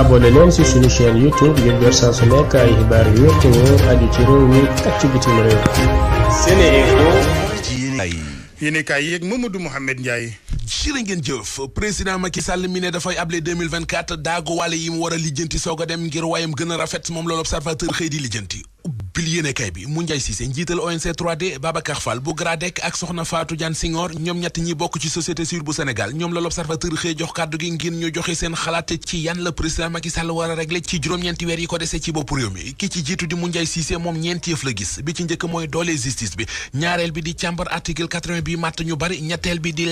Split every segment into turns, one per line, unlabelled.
abonné leen ci suñu chaîne YouTube ngir jot saa su nekk ay xibaar yu wér te wóor aju ci réew mi ak ci bitim réew. SeneInfo. yéen kaay yeeg Mamadou Mouhamed Ndiaye. jërë ngeen jëf président Macky Sall mi ne dafay able daagu wàll yi mu war a lijjanti soog a dem ngir waayam gën a rafet moom loolu observateur xëy di lijjanti. ubbil yéene kay bi mu Njaay Cissé njiital ONC 3D Babacar Fall bu GRADEC ak soxna Fatou Diagne Senghor ñoom ñett ñi bokk ci société civile bu Sénégal ñoom la l'observateur xëy jox kàddu gi ngir ñu joxe seen xalaat ci yan la président Macky Sall war a régler ci juróom-ñeenti weer yi ko dese ci bopp réew mi ki ci jiitu di mu Njaay Cissé moom ñeenti yëf la gis bi ci njëkk mooy doole justice bi ñaareel bi di càmbar article bi màtt ñu bari ñetteel bi di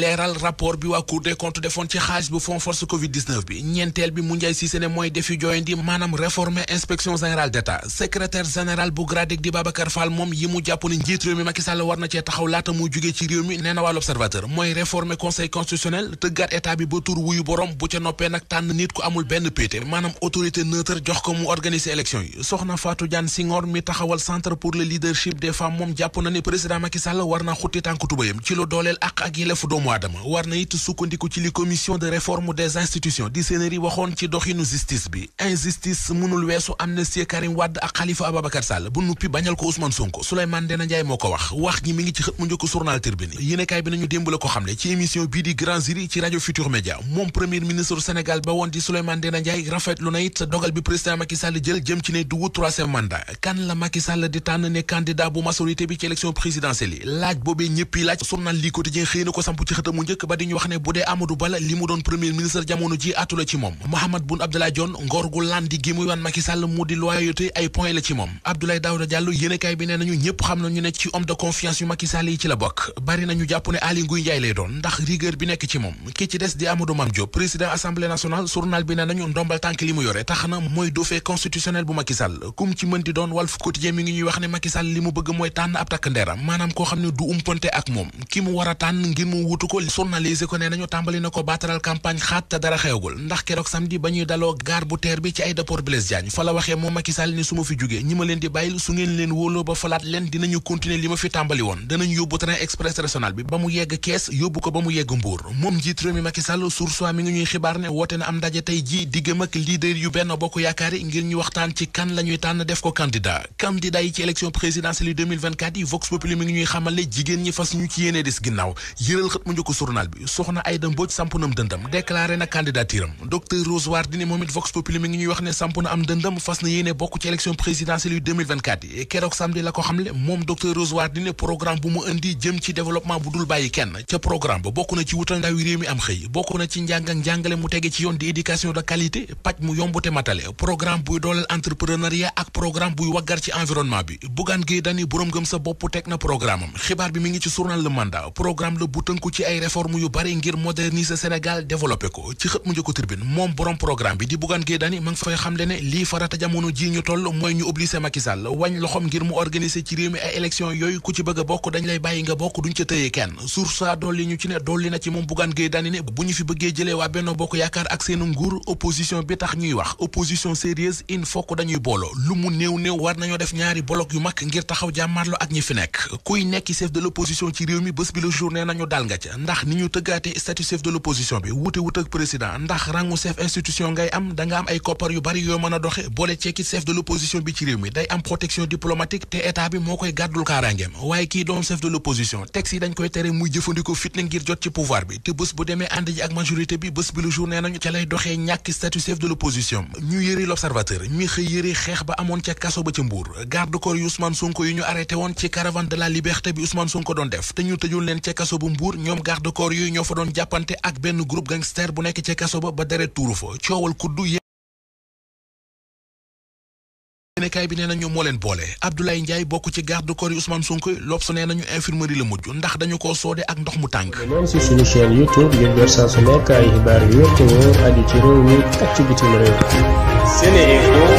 démocratique di Babacar Fall moom yi mu jàpp ne njiit mi Macky Sall cee taxaw laata mu jugee ci réew mi nee waa l'observateur mooy réformer conseil constitutionnel tëggaat état bi ba tur wuyu borom bu ca noppee nag tànn nit ku amul benn péete maanaam autorité neutre jox ko mu organiser élection yi soxna Fatou Diagne Senghor mi taxawal centre pour le leadership des femmes moom jàpp na ne président Macky Sall xutti tànk tubayam ci lu dooleel àq bu nuppi bañal ko Ousmane Sonko Souleymane Ndéné Ndiaye moo ko wax wax ji mi ngi ci xët mu njëkk journal Tribune yéenekaay bi nañu démb la ko xamle ci émission bii di Grand Jury ci rajo moom premier ministre Sénégal ba woon di Souleymane Ndéné Ndiaye rafetlu na it dogal bi président Macky jël jëm ci ne du wut troisième kan la Macky di tànn ne candidat bu majorité bi ci élection présidentielle laaj boobee ñëpp laaj journal lii ko samp ci xët Daouda Diallo yéenekaay bi nee nañu ñëpp xam nañu ne ci homme de confiance yu Macky Sall yi ci la bokk bari nañu jàpp ne Aly Ngouille Ndiaye lay doon ndax rigueur bi nekk ci moom ki ci di Amadou Mame Diop président assemblée mi ngi ñuy wax ne Macky Sall li mu bëgg mooy tànn ab takk ndeeram maanaam koo xam ne du umpante ak moom ki mu war tànn ngir mu wutu ko journaliste ko nee nañu tàmbali na ko baataral campagne xaat dara xewagul ndax keroog samedi ba ñuy daloo gaar bu su ngeen leen wóoloo ba falaat leen dinañu continuer li ma fi tàmbali woon danañ yóbbu train express régional bi ba mu yegg kees yóbbu ko ba mu yegg mbuur moom njiit réew mi Macky mi ngi ñuy xibaar ne woote na am ndaje tey jii diggam ak leader yu benn bokk yaakaar yi ngir ñu waxtaan ci kan la tànn def ko candidat candidat yi ci élection présidentielle yi yi Vox Populi mi ngi ñuy xamal jigéen ñi fas ñu ci yéenee des ginnaaw yëral xët mu liggéeykat keroog samedi la ko xamle moom docteur Rose Wardini programme bu mu indi jëm ci développement bu dul bàyyi kenn ca programme ba bokk na ci wutal ndawi réew mi am xëy bokk na ci njàng njàngale mu tege ci yoon di éducation de qualité paj mu yomb matale programme buy dooleel entrepreneuriat ak programme buy waggar ci environnement bi Bougane Gueye Dany boroom gëm sa bopp teg na programme xibaar bi mi ngi ci journal Le Mandat programme la bu tënku wañ loxom ngir mu organiser ci réew mi ay élection yooyu ku ci bëgg a bokk dañ lay bàyyi nga bokk duñ ca tëye kenn sursa dolli ñu ci ne dolli na ci moom Bougane Gueye Dany ne bu ñu fi bëggee jëlee waa Benno Bokk Yaakaar ak seen nguur opposition bi tax ñuy wax opposition sérieuse in fokk dañuy booloo lu mu néew néew war nañoo def ñaari bloc yu mag ngir taxaw jàmmaarloo ak ñi fi nekk kuy nekk chef de l'opposition ci réew mi bés bi la journée nañu dal nga ndax ni ñu tëggaate statut chef de l'opposition bi wute wut ak président am da nga am ay koppar yu bari yoo mën a doxe bi ci réew mi day am protection diplomatique te état bi moo koy gàddul kaaraangeem waaye kii doon chef de l'opposition texte yi dañ koy tere muy jëfandikoo fitna ngir jot ci pouvoir bi te bés bu demee ànd ji ak majorité bi bés bi le jour nee nañu ca lay doxee ñàkki statut chef de l'opposition ñu yëri l'observateur mi xëy yëri xeex ba amoon ca kaso ba ca Mbour garde corps yu Ousmane Sonko yu ñu arrêté woon ci caravane de la liberté bi Ousmane Sonko doon def te ñu tëjul leen ca kaso bu Mbour ñoom garde corps yooyu ñoo fa doon jàppante ak benn groupe gangster bu nekk ca ba ba deret yéenekaay bi nee na moo leen boole Abdoulaye Ndiaye bokk ci garde corps yi Ousmane Sonko L'Obs nee nañu infirmerie la mujj ndax dañu ko soode ak ndox mu tàng moom si suñu chaîne YouTube ngeen door saa su nekk ay xibaar yu wér te wóor ci réew mi ak bitim réew